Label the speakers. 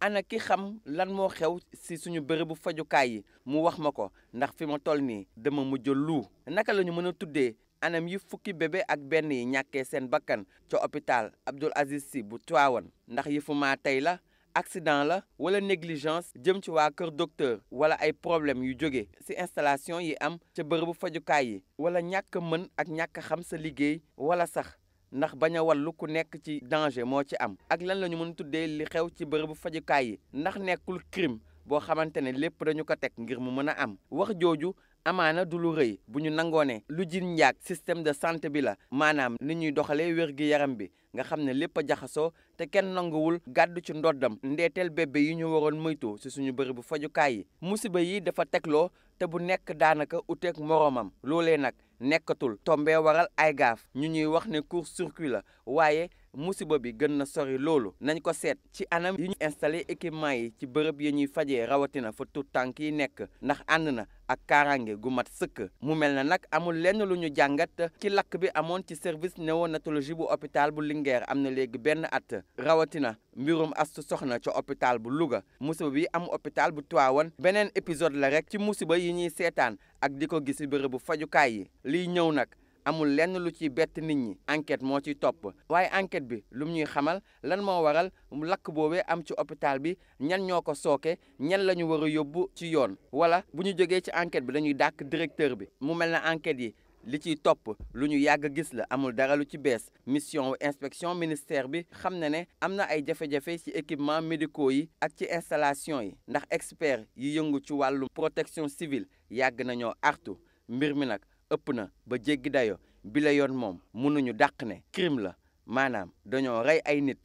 Speaker 1: ana ki xam lan moo xew si suñu bërëbu fajukaay yi mu wax ma ko ndax fi ma toll nii dama mujj lu naka la ñu mën a tuddee anam yi fukki bébé ak benn yi ñàkkee seen bakkan ca hôpital Abdoul Aziz Sy bu Tivaouane ndax yëfu maa tey la accident la wala négligence jëm ci waa kër docteur wala ay problème yu jóge ci installation yi am ca bërëbu fajukaay yi wala ñàkk mën ak ñàkk xam sa liggéey wala sax ndax bañ a ku nekk ci danger moo ci am ak lan la ñu mën tuddee li xew ci bërëbu fajukaay yi ndax nekkul crime boo xamante ne lépp dañu ko teg ngir mu mën a am wax jooju amaana du lu rëy bu ñu nangoo ne lu ji njaag système de sant bi la maanaam ni ñuy doxalee wér gi yaram bi nga xam ne lépp a jaxasoo te kenn nanguwul gàddu ci ndoddam ndeeteel bébé yi ñu waroon moytoo si suñu bërëbu fajukaay yi musiba yi dafa tegloo te bu nekk daanaka uteeg moroomam loolee nag nekkatul tombee waral ay gaaf ñu ñuy wax ne court circuit la waaye musiba bi gën na sori loolu nañ ko seet ci anam yi ñu installé équipement yi ci bërëb yi ñuy fajee rawatina fa tut tànk yi nekk ndax ànd na ak kaaraange gu mat sëkk mu mel na nag amul lenn lu ñu jàngat ci lakk bi amoon ci service néonatologie bu hôpital bu Linguère am na léegi benn at rawatina mbirum astu soxna ca hôpital bu Louga musiba bi am hôpital bu Tivaouane beneen épisode la rek ci musiba yi ñuy seetaan ak di ko gis bërëbu fajukaay yi liy ñëw nag amul lenn lu ci bett nit ñi enquête moo ci topp waaye enquête bi lu ñuy xamal lan moo waral mu lakk boobee am ci hôpital bi ñan ñoo ko sooke ñan la ñu war a yóbbu ci yoon wala bu ñu jógee ci enquête bi dañuy dàkk directeur bi mu mel na enquête yi li ciy topp lu ñu yàgg gis la amul dara lu ci bees mission inspection ministère bi xam na ne am na ay jafe-jafe ci équipement médicaux yi ak ci installation yi ndax expert yi yëngu ci wàllu protection civile yàgg nañoo artu mbir mi nag ëpp na ba jéggi dayoo bi yoon moom mënuñu dàq ne crime la maanaam dañoo rey ay nit